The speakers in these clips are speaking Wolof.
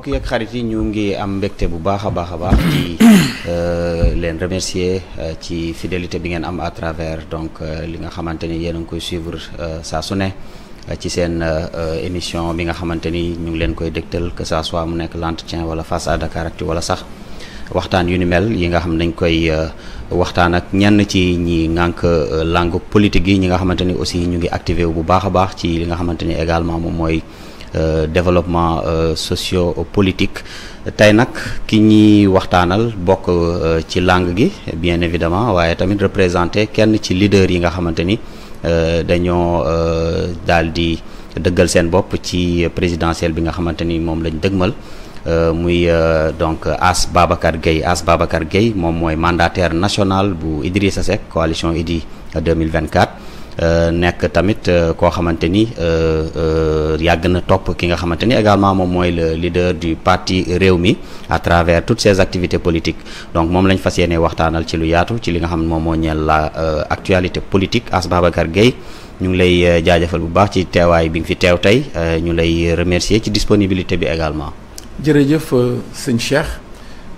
mbokk yi ak xarit yi ñu ngi am mbégte bu baax a baax a baax di euh, leen remercier euh, ci fidélité bi ngeen am à travers donc euh, li nga xamante ni yéen a ngi koy suivre saa su ne ci seen émission bi nga xamante ni ñu ngi leen koy dégtal que ça soit mu nekk l'entretien wala face à Dakaractu wala sax waxtaan yu ni mel yi nga xam dañ koy waxtaan ak ñenn ci ñi langue politique yi ñi nga xamante ni aussi ñu ngi activé bu baax a baax ci li nga xamante ni également moom mooy. Euh, développement euh, socio-politique tey nag ki ñuy waxtaanal bokk euh, ci langue gi bien évidemment waaye tamit représenté kenn ci leader yi nga xamante ni dañoo daal di dëggal seen bopp ci présidentielle bi nga xamante ni moom lañ dëgmal muy donc As Babacar Gueye As Babacar Gueye moom mooy mandataire national bu Idrissa Seck coalition Idy 2024 Euh, nekk tamit euh, koo xamante ni euh, yàgg na topp ki nga xamante ni également moom mooy le leader du parti Rewmi à travers toutes ses activités politiques donc moom lañ fas yéene waxtaanal ci lu yaatu ci li nga xam ne moom moo ñeel la actualité politique As Babacar Gueye ñu ngi lay jaajëfal bu baax ci teewaay bi nga fi teew tey ñu lay remercier ci disponibilité bi également jërëjëf sëñ Cheikh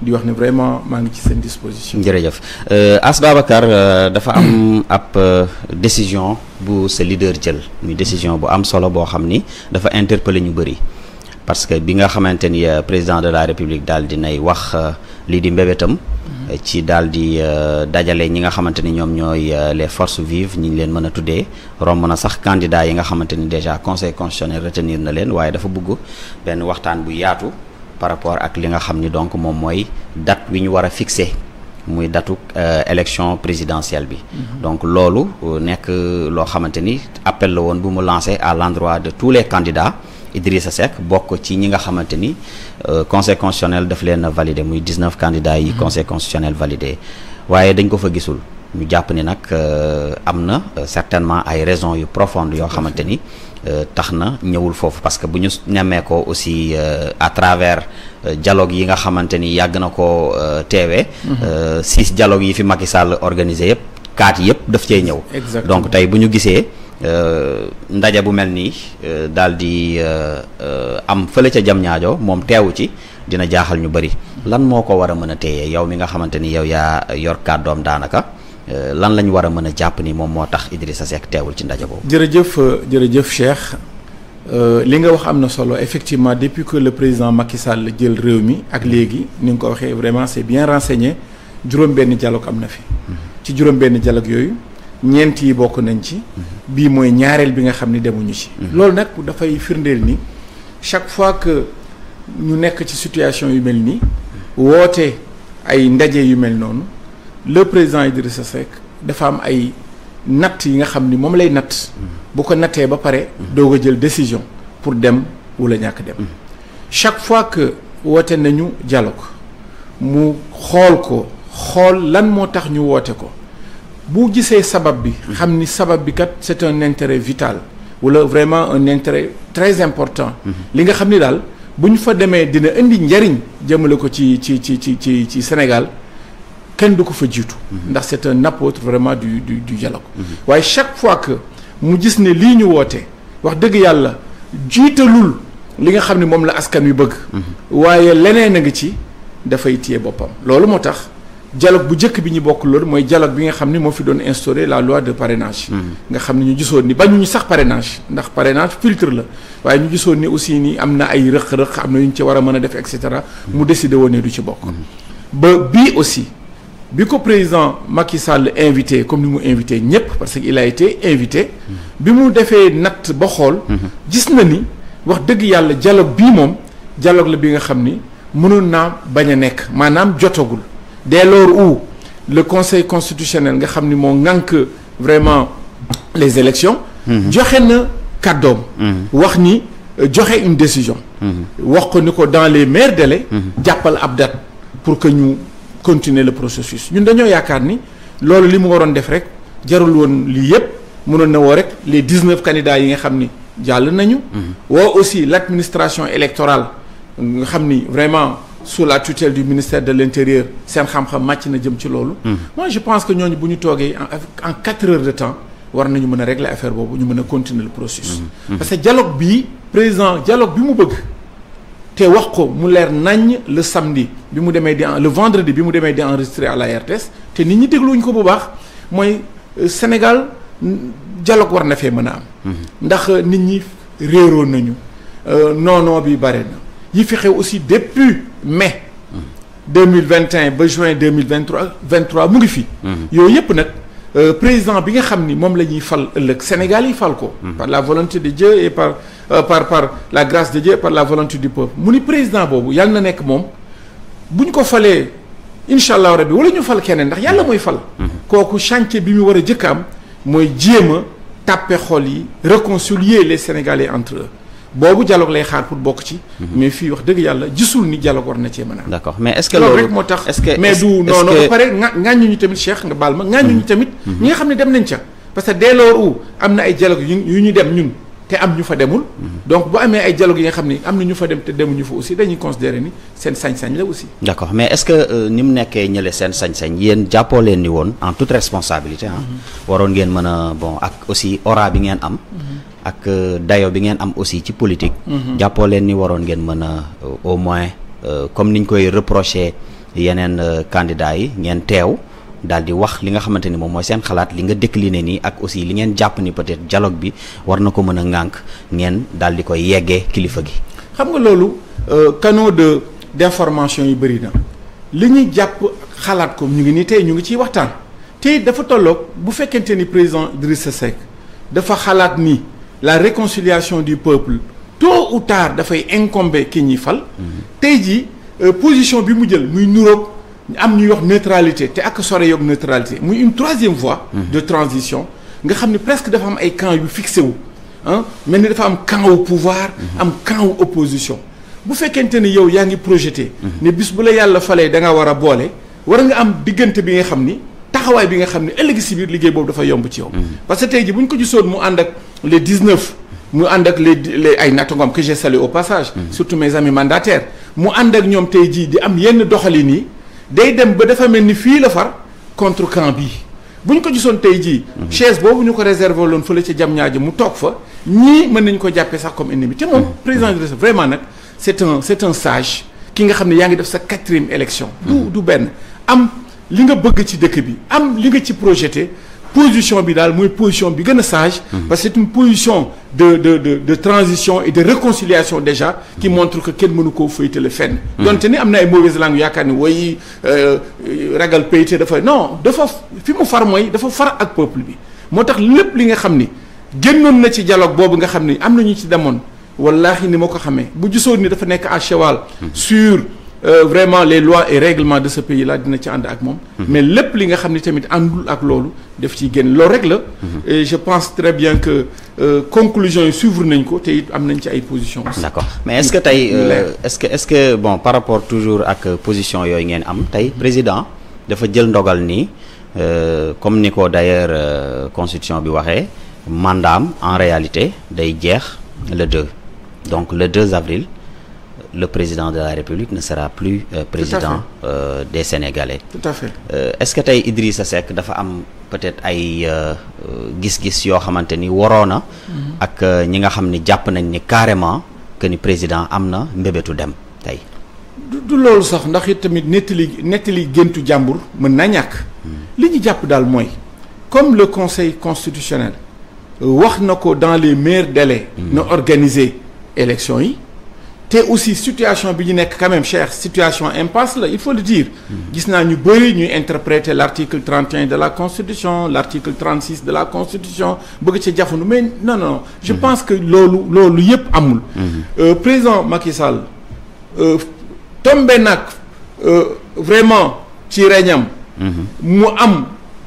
di wax ni vraiment maa ngi ci seen disposition. jërëjëf euh, As Babacar euh, dafa am ab euh, décision bu sa leader jël muy décision bu am solo boo xam ni dafa interpeller ñu bëri parce que bi nga xamante ni président de la république daal di nay wax lii di mbébétam. Mhm. ci daal di dajale ñi nga xamante ni ñoom ñooy les forces vives ñi leen mën a tuddee romb na sax candidat yi nga xamante ni déjà conseil constitutionnel retenir na leen waaye dafa bëgg benn waxtaan bu yaatu par rapport à ce que xam donc mon moi date wi ñu war a fixé date datu euh, élection présidentielle bi. Mhm. donc loolu euh, nekk euh, loo xamante ni appel la bu mu à l'endroit de tous les candidats. Idrissa Seck bokk ci ñi nga xamante le conseil constitutionnel de leen validé muy 19 candidats yi mhm. conseil constitutionnel validé Mais, dañ ko fa gisul ñu avons, ni certainement des raisons profondes yoo xamante Euh, tax na ñëwul foofu parce que bu ñu ñamee ko aussi euh, à travers euh, dialogue yi nga na ko TV, mhm. six dialogue yi fi Macky Sall organisé yëpp kaat yëpp daf cee ñëw donc tey bu di am fële ca jam ñaajo mom teewu ci dina jaaxal ñu lan moo ko war a mën a téye yow mi nga xamante yow yor Euh, lan lañ wara mëna japp ni mom motax Idrissa Seck téwul ci ndaje bobu jërëjëf euh, jërëjëf Cheikh. euh li nga wax amna solo effectivement depuis que le président Macky Sall jël réew mi ak mm-hmm. légui ni nga ko waxee vraiment c'est bien renseigné juróom ben dialogue amna fi. Mm-hmm. ci juróom ben dialogue yoyu ñent yi bokku nañ ci. Mm-hmm. bi moy ñaarel bi nga xamni demuñu ci. lool nak da fay firndel ni chaque fois que ñu nekk ci situation yu mel nii woote ay ndaje yu mel noonu le président Idrissa Seck dafa am ay nat yi nga xamni mom lay nat bu ko naté ba pare doog jël décision pour dem wala ñak dem chaque fois que woté nañu dialogue mu xol ko xol lan mo tax ñu woté ko bu gisee sabab bi xamni sabab bi kat c'est un intérêt vital wala vraiment un intérêt très important li nga xamni dal buñ fa démé dina indi njariñ jëmale ko ci ci ci ci ci ci Sénégal kenn du ko fa jitu ndax c'est un apôtre vraiment du du du dialogue waaye chaque fois que mu gis ne lii ñu woote wax deug yalla jiitalul li nga xamni mom la askan wi bëgg waaye leneen nga ci da fay boppam bopam moo motax dialogue bu njëkk bi ñu bokk loolu moy dialogue bi nga xamni mo fi doon instaurer la loi de parrainage nga xamni ñu gisoon ni ñu sax parrainage ndax parrainage filtre la waaye ñu gisoon ni aussi ni amna ay rëq-rëq amna ñu ci wara a def et cetera mu décider woné du ci bokk ba bi aussi le président Macky Sall invité comme nous l'avons invité parce qu'il a été invité bi mu defee natt ba xool gis na ni wax dëgg yàlla dialogue bii moom dialogue la bi nga xam ni mënoon naa bañ a jotagul dès lors où le conseil constitutionnel nga xam ni moo vraiment les élections fait euh, une décision Il a fait une décision wax ko dit que dans les meilleurs délais mm-hmm. a ab pour que nous continuer le processus ñun dañoo yaakaar ni l'or li mu waroon def rek jarul won li rek les 19 candidats yi nga xamni jall nous nañu. Mhm. aussi l'administration électorale nga vraiment sous la tutelle du ministère de l'intérieur sen xam-xam match na jëm ci lolu mhm. moi je pense que ñooñu buñu togué en en quatre heures de temps war nañu mëna régler affaire bobu ñu mëna continuer le processus. Mhm. parce que dialogue bi président dialogue bi mu bëgg te wax ko mu leer nañ le samedi bi mu démé di le vendredi bi mu démé di enregistrer à la RTS té nit ñi déglu dégluwuñ ko bu baax moy euh, Sénégal dialogue war na fee mën am. Mm-hmm. ndax euh, nit ñi réro nañu. euh non bi baré na yi fi xew aussi depuis mai. 2021 mm-hmm. ba juin 2023 23 mu ngi fi. Mm-hmm. yooyu yëpp nag euh, président bi nga xamni mom lañuy fal ëllëg Sénégal yi fal ko. par la volonté de Dieu et par. Euh, par la grâce de Dieu par la volonté du peuple suis président de yalla na ko inshallah wala ñu fal ndax mhm. chantier bi mu wara moy taper xol réconcilier les sénégalais entre eux. bobu dialogue lay xaar pour bok ci. Mhm. mais fi wax vous yalla gisul ni dialogue war na d'accord mais est-ce que est-ce que mais du non non paré ngañu ñu tamit Cheikh nga mhm. parce que dès dialogue te am ñu fa donc bu ay dialogue yi nga ñu fa fa aussi dañuy considérer ni sañ-sañ la aussi. D'accord. mais est ce que euh, ni mu nekkee ñële sañ-sañ yeen jappo ni en toute responsabilité ah. Hein? Mm-hmm. waron ngeen bon aussi aura bi ngeen am. Mm-hmm. ak euh, dayo bi am aussi ci politique. Mm-hmm. jappo len ni waron ngeen euh, au moins comme niñ koy reprocher yeneen candidats yi ngeen dal di wax li nga xamanteni mom moy mooy seen xalaat li nga décliné ni ak aussi li ngeen ni peut-être dialogue bi war ko mën a ngeen gay di koy yeggee kilifa gi. xam nga euh, canaux de d'information yu bari na li ñuy jàpp xalaat ko ñu ngi ni tay ñu ngi ci waxtaan tay dafa tolloog bu fekkente ni président Seck dafa xalaat ni la réconciliation du peuple tôt ou tard fay incomber kiñi fal. Mm-hmm. tay ji euh, position bi mu jël muy am ñuy wax neutralité te ak sore yoog neutralité muy une troisième voie hum. de transition nga xamni presque dafa am ay camp yu fixé wu hein mais ni dafa am camp au pouvoir hum. am camp opposition bu fekkenté ni yow yaa projeté hum. né bis bu la yalla falee da nga wara bolé war nga am digënté bi nga xamni taxaway bi nga xamni ne ëllëg si biir liggéey boobu dafa yomb ci yow parce que tey ji ko gisoon mu and ak les 19 mu and ak les les ay natongom que j'ai salué au passage surtout mes amis mandataires mu and ak ñom tey jii di am yenn doxali ni day dem ba dafa melni fi la far contre camp bi buñ ko gisoon tay ji mhm. chaise boobu ñu ko réservé loon fële ca jam ñaaja mu tok fa ñi mën nañu ko jappé sax comme ennemi té moom mhm. président de vraiment nak c'est un c'est un sage ki nga xamné ne yaa def sa quatrième élection. du mhm. du ben am li nga bëgg ci dëkk bi am li nga ci projeter position bi daal position bi sage mhm. parce que c'est une position de de de de transition et de réconciliation déjà qui mhm. montre que quel mënu fait le fait. Mhm. donte ni am ay mauvaise langue yaakaar ni woy euh, ragal de dafa non dafa fi mu far mooy dafa far ak peuple bi moo tax lépp li nga xam ni na ci dialogue bob nga xam ni am ñu ci demoon Wallahi, ni ma ko bu gisoon dafa nekk à cheval sur euh, vraiment les lois et règlements de ce pays là dina ci and ak mom mhm. mais lepp li nga xamni tamit andul ak lolu def ci guen lo rek la. Mhm. et je pense très bien que euh, conclusion suivre nañ ko te am nañ ci ay positions. d'accord mais est-ce que tey euh, est-ce que est-ce que bon par rapport toujours ak position yoy ngeen am tay président dafa jël ndogal euh, comme niko ko d'ailleurs constitution bi waxé mandaam en réalité day jeex le 2 donc le 2 avril le président de la République ne sera plus euh, président euh, des Sénégalais. Tout à fait. Euh, est-ce que as Idrissa peut-être gis mhm. ak ñi nga carrément que le président Amna dem du sax ndax tamit jambour? Mhm. comme le conseil constitutionnel wax nako dans les meilleurs délais. Mhm. na organiser élection aussi situation bi quand même cher situation impasse là il faut le dire gis naa ñu bëri interpréter l'article 31 de la constitution l'article 36 de la constitution bëgg ci mais non non je mhm. pense que lolu lolu amul mhm. euh, président Macky Sall euh, tombe euh, vraiment ci reñam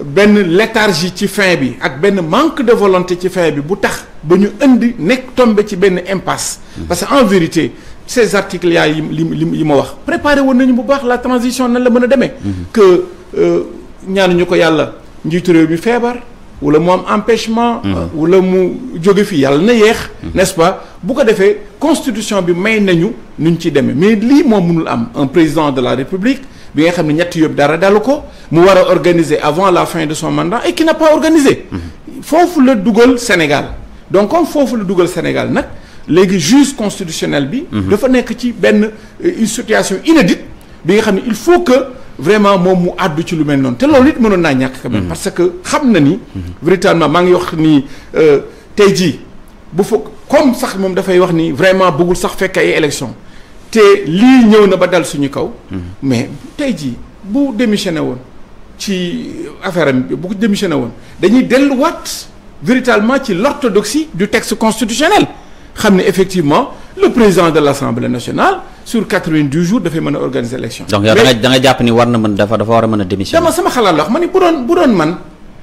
ben léthargie ci fin bi ak ben manque de volonté ci fait bi bu tax ba ñu indi nek tombé ci ben impasse parce que en vérité ces articles y'a yi ma wax préparé woon nañu bu baax la transition nan la mëna a mhm. que euh, ñaanu ñuko yalla njiitu rew bi feebar wala mo am empêchement mhm. euh, wala le mot fi à na mhm. n'est-ce pas bu ko défé constitution bi may nañu nuñ ci démé mais li mo mënul am un président de la république bi nga xam ne ñetti yëpp dara dalu mu war avant la fin de son mandat et qui n'a pas organisé mm-hmm. Fofu le dougol Sénégal donc comme Fofu le dougol Sénégal nag léegi juste constitutionnel bi mm-hmm. dafa nekk ci euh, une situation inédite bi nga il faut que vraiment moom mu àddu ci lu mel noonu te loolu it mm-hmm. parce que comme ni véritablement maa ni euh, tey jii bu comme sax moom dafay wax ni vraiment beaucoup, sax fekk ay élection té li ñëw na ba dal suñu kaw. mais tay ji bu démissioné won ci affaire bi bu démissioné won dañuy wat véritablement ci l'orthodoxie du texte constitutionnel xamné effectivement le président de l'Assemblée nationale sur 90 jours de mën a organiser élection. donc yow da nga japp ni war na mën dafa dafa à mëna démissioné dama sama xalaat la wax ma ni bu doon bu doon man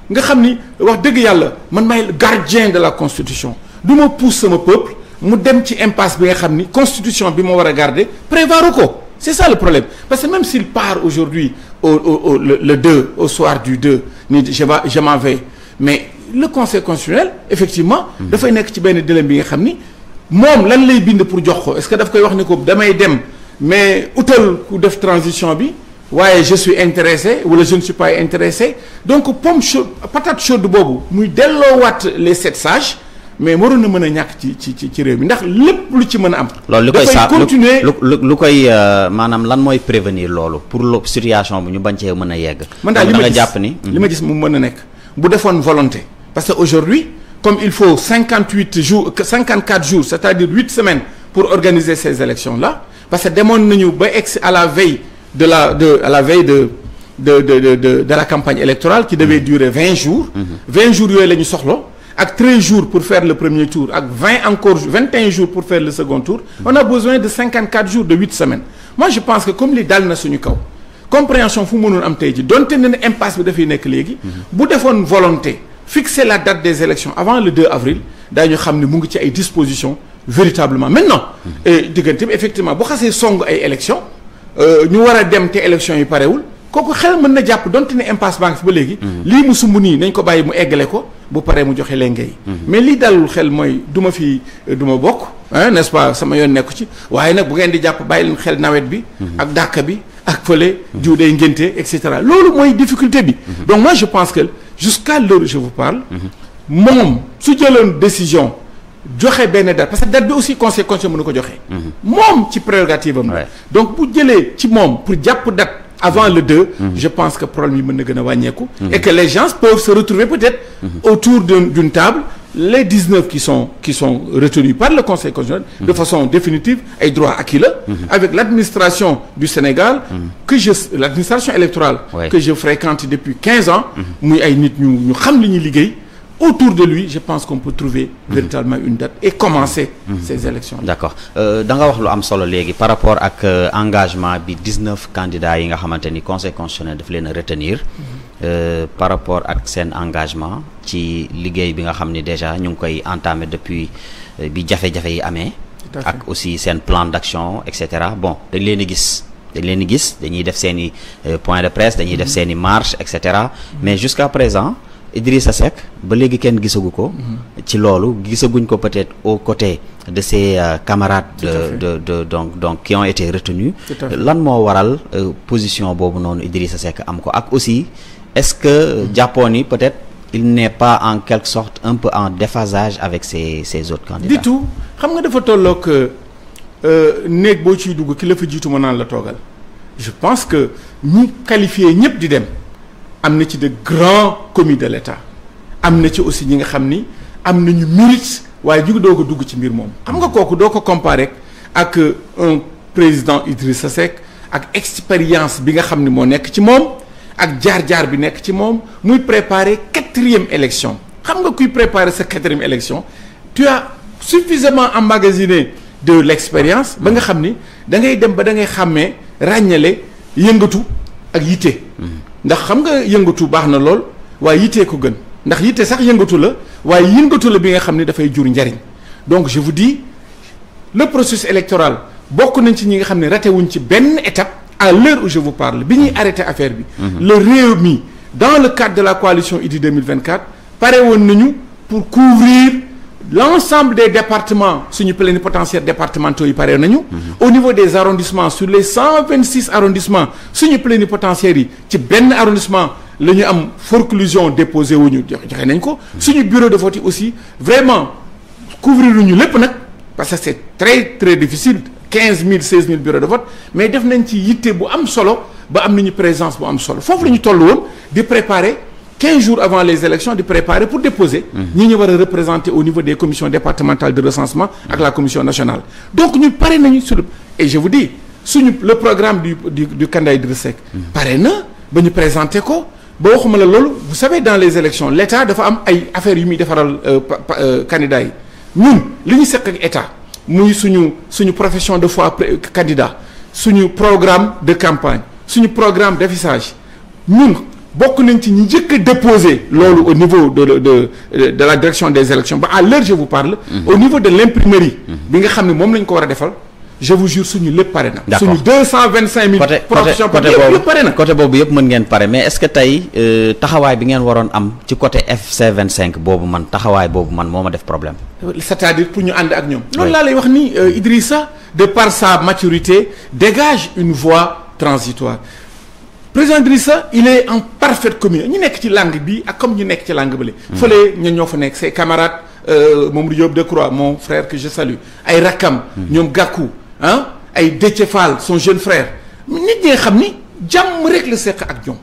nga xamni wax dëgg yalla man gardien de la constitution du ma pousse sama peuple mu dem ci impasse bien nga constitution bi on wara garder ko c'est ça le problème parce que même s'il part aujourd'hui au, au, au le, 2 au soir du 2 ni je va je m'en vais mais le conseil constitutionnel effectivement hmm. fay nek ci ben délai bi nga xamni mom lan lay bind pour jox ko est-ce que daf koy wax ni ko damay dem mais utal ku def transition bi ouais je suis intéressé ou je ne suis pas intéressé donc pomme chaude patate chaude bobu muy wat les sept sages mais waroon na mën ñak ci ci ci réew mi ndax lepp lu ci am. loolu koy lu koy euh, manam lan moy prévenir loolu pour lo situation bi ñu bañ ci mën yegg. man da li hmm. ma ni. lima gis mu nek bu volonté parce que aujourd'hui comme il faut 58 jours 54 jours c'est-à-dire 8 semaines pour organiser ces élections là parce que demoon nañu ba ex à la veille de la de à la veille de. de de de de la campagne électorale qui devait hmm. durer 20 jours. 20 hmm. jours nous lañu soxlo avec 13 jours pour faire le premier tour, avec 20 encore, 21 jours pour faire le second tour, on a besoin de 54 jours, de 8 semaines. Moi, je pense que comme les dalles nationaux, compréhension, il faut que nous une impasse de faire Si vous avez une volonté, fixer la date des élections avant le 2 avril, nous savons qu'il y à une dispositions véritablement. Maintenant, mm-hmm. et, effectivement, si vous avez une élection, nous euh, avons a élections te élection yi parewul kooku xel mën na jàpp donte ne impasse banque fi ba léegi. Mm-hmm. lii mu sumb nii bu paré mu joxé mais li dalul xel moy du fi duma ma hein n'est-ce pas sama m'a eu ci nak bu ngeen di japp bayil xel nawet bi ak dakka bi ak ngenté etc difficulté bi donc moi je pense que jusqu'à l'heure je vous parle mon su décision joxé date parce que aussi conséquence mhm. donc bu ci pour avant le 2, je pense que le problème et que les gens peuvent se retrouver peut-être autour d'une table, les 19 qui sont, qui sont retenus par le Conseil constitutionnel de façon définitive et droit à qui avec l'administration du Sénégal, que l'administration électorale que je fréquente depuis 15 ans, nous avons autour de lui je pense qu'on peut trouver mhm. véritablement une date et commencer mhm. ces élections D'accord. Euh, par rapport à l'engagement euh, bi 19 candidats yi nga xamante conseil constitutionnel mhm. euh, par rapport à l'engagement engagement Qui, bi nga déjà ñu koy entamé depuis bi jafé jafé yi Avec ak aussi un plan d'action etc. bon dañ leen gis dañ leen gis dañuy def point de presse dañuy def etc. marche etc mais jusqu'à présent Idrissa Seck ba légui kenn gisagu ko. ci peut-être aux côtés de ses euh, camarades. de de donc donc qui ont été retenus. lan mo waral euh, position bobu non Idrissa Seck am ko ak aussi est-ce que jàppoon peut-être il n'est pas en quelque sorte un peu en déphasage avec ses autres candidats. du tout xam nga dafa tollook euh, néeg bo ciy ki la fa la je pense que ni qualifié ñep di dem am ci de grands commis de l'État am ci aussi ñi nga xamni ni ñu mérite waye ju doo ko dugg ci mbir mom xam nga kooku comparer ak euh, un président idriss Seck ak expérience bi nga xamni ni nek ci à ak jaar-jaar bi nek ci muy préparer quatrième élection xam nga kuy préparer sa quatrième élection tu as suffisamment emmagasiné de l'expérience ba nga xamni da ngay dem ba da ngay xamé ragnalé yëngatu ak ndax xam nga yëngatu baax na lool waaye yitee ko gën ndax yite sax yëngatu la waaye yëngatu la bi nga xam ne dafay jur njariñ donc je vous dis le processus électoral bokk nañ ci ñi nga xam ne raté wuñ ci benn étape à l'heure où je vous parle bi ñuy arrêté affaire bi mhm. le mi dans le cadre de la coalition Idy 2024 pare woon nañu pour couvrir l'ensemble des départements suñu potentiel départementaux yi pare nañu mhm. au niveau des arrondissements sur les 126 arrondissements arrondissements suñu potentiel yi ci benn arrondissement arrondissements ñu am forclusion déposé déposée. joxe nañ ko mhm. suñu bureau de vote aussi vraiment couvrir l'union lépp parce que c'est très très difficile 15 000 16 000 bureaux de vote mais def nañ ci nous bu am solo ba présence bu am solo nous la de préparer 15 jours avant les élections de préparer pour déposer nous ñu représenter au niveau des commissions départementales de recensement avec la commission nationale donc nous pare sur sur et je vous dis suñu le programme du du du candidat de sec na présenter vous savez dans les élections l'état a am ay affaires yu des euh, euh, candidat Nous, ñun li ñu ak état muy suñu suñu profession de foi candidat suñu programme de campagne suñu programme d'affichage ñun bokk nañ ci ñi njëkk déposé au niveau de la direction des élections bah, à l'heure je vous parle mhm. au niveau de l'imprimerie mhm. bi nga xam ne moom lañ ko je vous jure suñu n'est pare na 225 deux cent vingt cinq mille côté boobu ngeen mais est-ce que eu ta bi ngeen waron am ci côté FC 25 cinq boobu man hawaï boobu man moo ma def problème c'est-à-dire pour ñu ànd ak ñoom Non, laa lay wax euh, Idrissa de par sa maturité dégage une voie transitoire président il est en parfaite communion ñu nekk ci langue bi ak comme ñu nekk ci langue bële. Hmm. fële ña ñoo fa nekk ses camarades euh, Mamadou Diop croix, mon frère que je salue ay Rakam, hmm. ñoom gaku hein ay Déthié Fall son jeune frère nit ñi nga ni jàmm rek la seq ak ñoom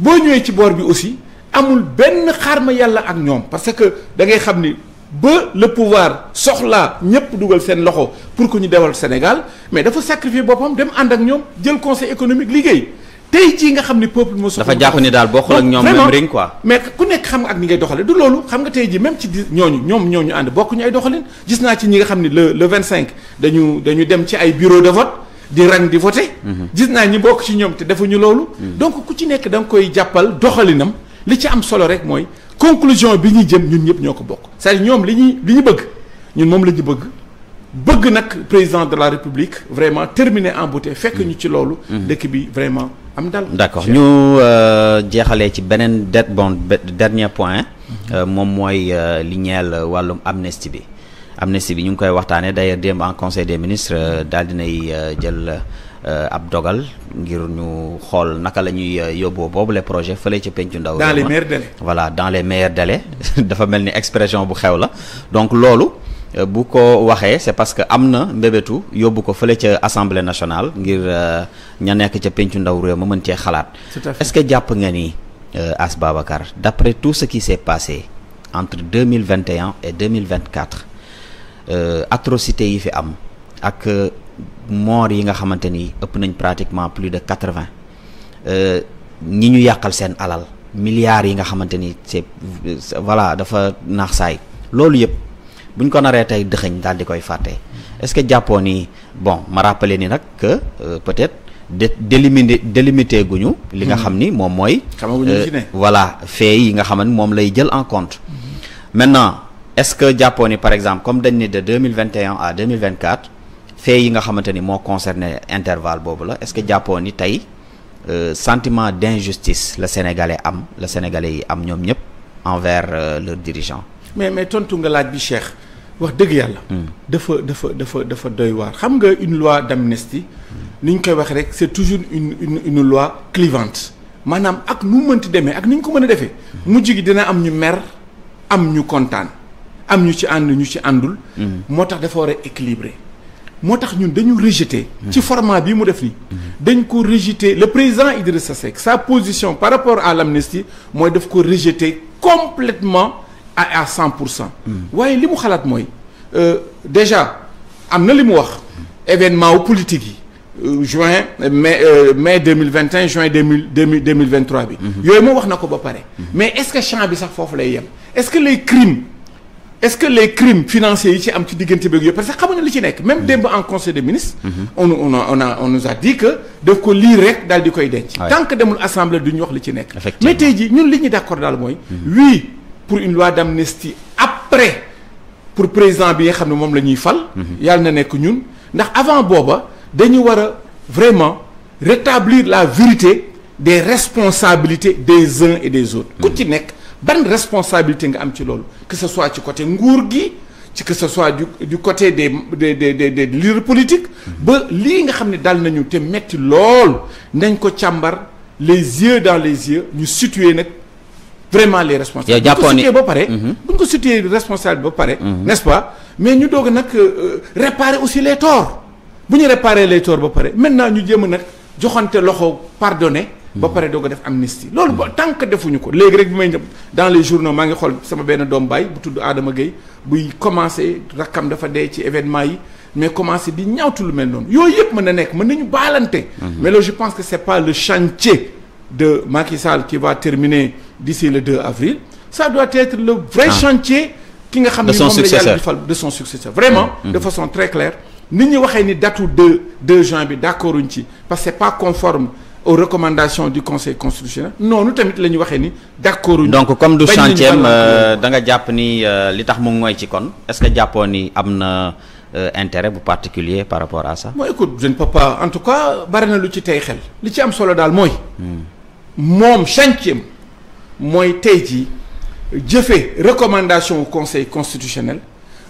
boo ñëwee ci boor bi aussi amul benn xaarma yalla ak parce que da ngay ni ba le pouvoir soxlaa ñëpp dugal sen loxo pour que ñu le Sénégal mais faut sacrifier boppam dem ànd ak le jël conseil économique liggéey. tey jii nga xam ne peuple moo. dafa jàpp ni daal bokkul ak ñoom même ring quoi. mais ku nekk xam nga ak ni ngay doxalee du loolu xam nga tey jii mem ci di ñooñu ñoom ñooñu ànd bokkuñu ay doxalin gis naa ci ñi nga xam ni le le vingt cinq dañu dañu dem ci ay bureau de vote di rang di voter. Mhm. gis naa ñi bokk ci ñoom te defuñu loolu. Mhm. donc ku ci nekk danga koy jàppal doxalinam li ci am solo rek mooy conclusion bi ñu jëm ñun ñëpp ñoo ko bokk cest à ñoom li ñuy li ñu bëgg ñun moom la ñu bëgg bëgg nak président de la république vraiment terminer en beauté fekk ñu ci lolu mm-hmm. dëkk bi vraiment am dal. d'accord ñu euh, jéxalé ci benen det bon dernier point. mom mm-hmm. euh, moy euh, li ñeel walum amnistie bi. amnistie bi ñu koy waxtané d'ailleurs démb en conseil des ministres dal dinaay jël ab dogal ngir ñu xol naka lañuy ñuy bobu les projets fële ci pencu ndaw. dans les meilleurs délais. voilà dans les meilleurs délais dafa melni expression bu xew la donc lolu bu ko waxee c'est parce que am na mbébétu yóbbu ko fële ca assemblée nationale ngir euh, ña nekk ca pencu ndaw réew ma mën cee xalaat. est-ce que jàpp nga ni euh, As Babacar d'après tout ce qui s'est passé entre deux mille vingt et un et deux mille vingt quatre euh, atrocités yi fi am ak moor yi nga xamante ni ëpp nañ pratiquement plus de quatre vingt ñi ñu yàqal seen alal milliards yi nga xamante ni c'est voilà dafa naax saay loolu yëpp. buñ ko naree tey dëxëñ dal di koy faté est-ce que Japoni bon ma rappelé ni nak que euh, peut-être de délimiter guñu. li nga xamni mom moy voilà fait yi nga xam mom lay jël en compte. maintenant est-ce que Japoni par exemple comme dañ ni de 2021 à 2024 fait yi nga xamante mo concerné intervalle bobu la est-ce que Japoni tay euh, sentiment d'injustice le sénégalais am le sénégalais yi am ñom ñëpp envers euh, leurs dirigeants. mais mais tontu nga laaj bi Cheikh wax deug yalla dafa dafa dafa dafa doy war xam nga une loi d'amnistie nous koy wax c'est toujours une une une loi clivante manam ak nu ak ko a mujj gi dina am ñu mer am ñu contane am ñu ci ñu ci dafa équilibré motax ñun dañu rejeter ci format bi mu def ni dañ ko rejeter le président Idrissa Seck sa position par rapport à l'amnistie moy daf ko rejeter complètement à 100%. cent les cent waaye li euh, déjà amener les mois événements wax événement politique yi euh, juin mai euh, mai 2021, juin 2000, 2023. deux bi. Mhm. wax mhm. mais est ce que champ bi sax foofu lay yem est ce que les crimes est ce que les crimes financiers yi ci am ci parce que xam li ci même mhm. en conseil des ministres. on on on on nous a dit que de ko lii rek daal di koy tant que demul assemblée New wax li ci mais tey jii ñun li d'accord d' accord oui pour une loi d'amnistie après pour président bi nga xam ne moom fal. Mhm. yàlla na nekk ñun ndax avant Boba, dañu a vraiment rétablir la vérité des responsabilités des uns et des autres. ku mhm. ci nekk ban responsabilité nga am ci que ce soit du côté Ngourgi, que ce soit du côté des des des des des leaders politiques mhm. ba lii nga a ne dal nañu te metti lool nañ les yeux dans les yeux nous situer vraiment les responsables. Il jàppoon a bu ñu ko situé ba pare. Mhm. Mhm. n'est-ce pas mais nous devons nag euh, réparer aussi les torts bu ñu réparer les torts ba pare maintenant nous devons a joxante loxo pardonner. ba mhm. pare doog def amnistie tant que nous ko léegi rek bi dans les journaux je ngi xool sama benn doom baay bu tudd Adama Gueye buy commencé à dafa des ci événement mais commencé di ñaawtu lu mel noonu yooyu yëpp mën na nekk mën nañu mais là je pense que c'est pas le chantier de Macky Sall qui va terminer d'ici le 2 avril ça doit être le vrai ah. chantier qui nga de son successeur vraiment mm-hmm. de façon très claire nous ñi waxee ni datu 2 2 juin parce que ce n'est pas conforme aux recommandations du conseil constitutionnel non nous la ñu ni d'accord donc comme du chantier euh, da nga jàpp ni euh, li tax est-ce que le ni un euh, intérêt particulier par rapport à ça. moi écoute je ne peux pas en tout cas je ne lu ci tey xel li ci am solo hmm. chantier moy tey jii jëfee recommandation au conseil constitutionnel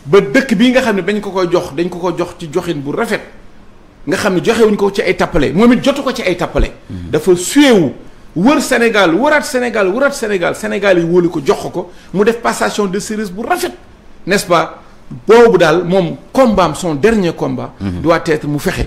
ba dëkk bi nga xam bañ dañ ko koy jox dañ ko ko jox ci joxine bu rafet nga xam ne joxewuñ ko ci ay tapalé momit it jotu ko ci ay tapalé mm-hmm. dafa suyewu wër Sénégal wëraat Sénégal wëraat Sénégal Sénégal yi wóolu ko jox ko mu def passation de service bu rafet n'est-ce pas bobu dal mom combat son dernier combat mm-hmm. doit être mu fexé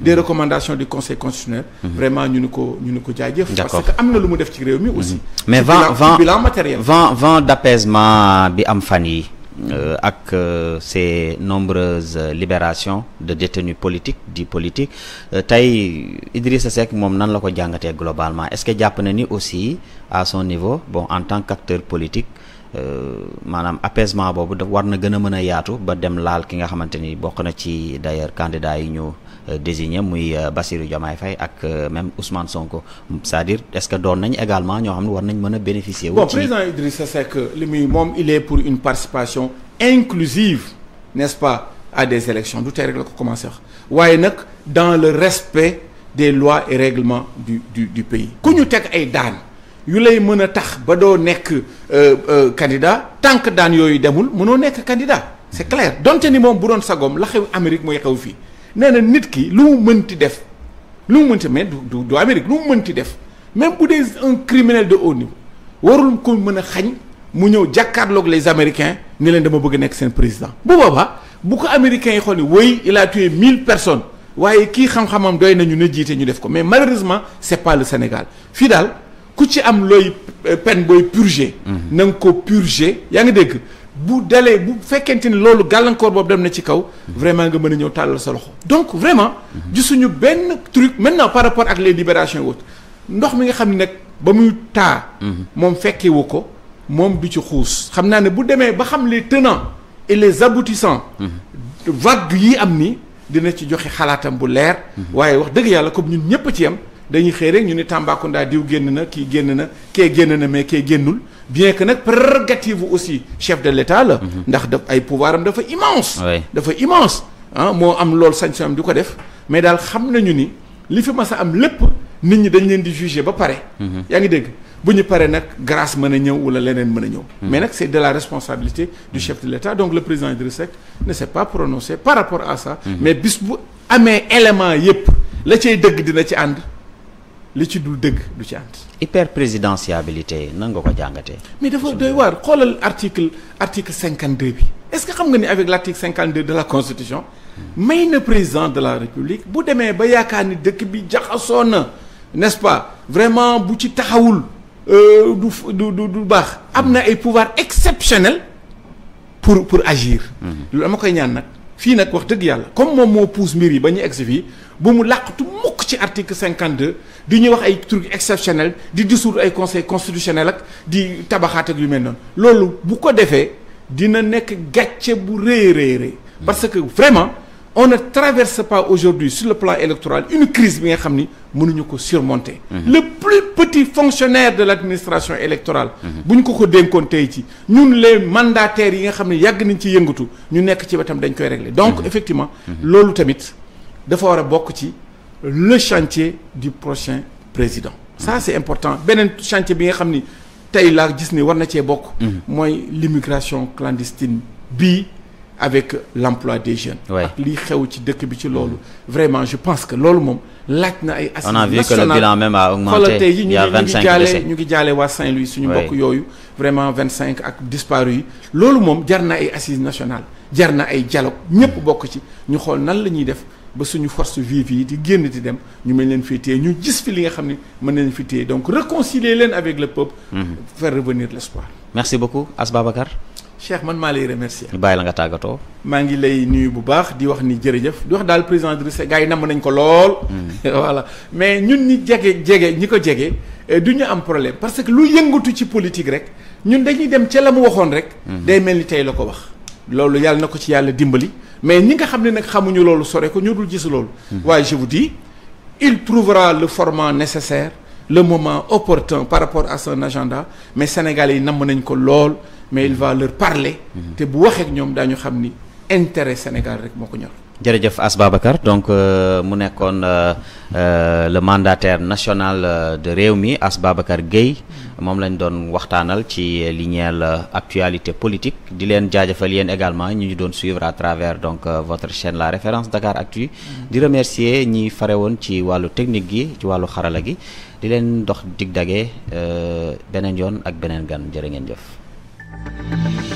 des recommandations du conseil constitutionnel. Mhm. vraiment nous nous ko parce que nous avons def ci mhm. aussi. mais vent vent vent d'apaisement bi am Euh, ak euh, ces nombreuses libérations de détenus politiques dits politiques euh, tay Idrissa Seck moom nan la ko jàngatee globalement est-ce que japonais aussi à son niveau bon en tant qu'acteur politique euh, madame apaisement bobu daf war na gën a yaatu ba dem laal ki nga xamanteni ni bokk na ci d'ailleurs candidat yi ñu euh, désigné muy euh, Bassirou Diomaye Faye ak euh, même Ousmane Sonko c'est-à-dire est-ce que doon nañ également ñoo xam war nañ mën bénéficier bon président Idrissa c'est que muy mom il est pour une participation inclusive n'est-ce pas à des élections du tey rek la ko commencé dans le respect des lois et règlements du du du pays ku ñu teg ay daan. yu lay mën tax ba doo nekk candidat tant que daan yoyu demul mënoo nek candidat c'est clair donte ni mom bu doon sagoom la xew Amérique moy xew fi nit def lu mu mais du du même un criminel de haut niveau warul ko mën a mu ñëw les américains ni leen dama bëgg président bu les américains yi xool il a tué mille personnes waaye kii xam-xamam doy nañu ne jiite ñu def ko mais malheureusement c'est pas le Sénégal fii daal ku am peine purger bu vous bu fait ni loolu gàllankoor dem na vraiment nga meuna ñew sa loxo donc vraiment suñu truc maintenant par rapport ak les libération, ndox mi nga xamni nak ba muy du ci les tenants et les aboutissants vague yi am ni dina ci bu mhm. wax dañuy xëy rek ñu ni Tambacounda diw génn na kii génn na kee génn na mais kee génnul bien que nag prérogative aussi chef de l'État la. Mhm. ndax daf ay pouvoir am dafa immense. dafa immense ah moo am loolu sañ-sañam di ko def mais daal xam nañu ni li fi mas a am lépp nit ñi dañ leen di juger ba pare. Mhm. yaa ngi dégg. bu ñu paree nag grâce mën a ñëw wala leneen mën a ñëw. Mhm. mais nag c'est de la responsabilité du chef de l'État donc le président Idriss Seck ne s'est pas prononcé par rapport à ça. mais bis bu amee élément yépp la cay dëgg dina ci ànd li ci dul du ci hyper présidentiabilité nan nga ko mais dafa doy war article article 52 bi est-ce que xam nga ni avec l'article 52 de la constitution. mais le président de la république bu démé ba yakani deuk bi jaxassona n'est-ce pas vraiment bu ci taxawul euh du du du bax amna ay pouvoir exceptionnel pour pour agir. Mm-hmm. loolu koy ñaan nak fi nak wax comme mon mot pousse mbir yi ba boumou mu làqatu article 52 di ñuy wax ay trucs exceptionnels di dissoudre ay conseil constitutionnel ak di tabaxaat ak yu mel noonu loolu bu ko pas dina nekk parce que vraiment on ne traverse pas aujourd'hui sur le plan électoral une crise bi nga xam ni surmonter mhm. le plus petit fonctionnaire de l'administration électorale si mhm. ñu ko ko nous, les mandataires nous nga xam ne yàgg nañ ci yëngatu ñu nekk ci wetam dañ koy donc mhm. effectivement tamit dafa war a le chantier du prochain président. ça mm-hmm. c'est important le chantier bien nga xam disney tey gis ni war na beaucoup mm-hmm. moins l'immigration clandestine bi avec l'emploi des jeunes. ak xew ci dëkk bi vraiment je pense que l'homme moom laaj na ay. on a vu que le bilan même a augmenté il y a 25 décès ngi Saint-Louis suñu yooyu. vraiment 25 a disparu l'homme loolu moom ay assises nationales jar na ay dialogue ñëpp bokk ci ñu xool nan la def ba suñu force vive yi di génn di dem ñu mën leen fi téye ñu gis fi li nga xam ne mën leen fi téye donc réconcilier leen avec le peuple. Mhm. faire revenir l'espoir. merci beaucoup Ass Babacar. Cheikh man maa lay remercier. ñu bàyyi la nga tàggatoo. maa ngi lay nuyu bu baax di wax ni jërëjëf di wax daal président Idrissa gars yi namm nañ ko lool. Mhm. voilà mais ñun ñi jege jege ñi ko jege eh, du am problème parce que lu yëngatu ci politique rek ñun dañuy dem ca la mu waxoon rek. Mhm. day mel ni tey la ko wax. loolu yàlla na ko ci yàlla dimbali mais ñi nga xam ne nag xamuñu loolu sore ko dul gis mhm. je vous dis il trouvera le format nécessaire le moment opportun par rapport à son agenda mais Sénégalais yi namm nañ ko lool mais il mhm. va leur parler. Mhm. te bu waxee ak ñoom daañu xam intérêt Sénégal rek jërëjëf As Babacar donc euh, mu nekkoon euh, euh, le mandataire national de Rewmi As Babacar Gueye moom lañ doon waxtaanal ci li ñeel actualité politique di leen jaajëfal yéen également ñu ñu doon suivre à travers donc votre chaîne la référence Dakar Actu di remercier ñi fare woon ci wàllu technique gi ci wàllu xarala gi di leen dox dig dage beneen yoon ak beneen gan jërë ngeen jëf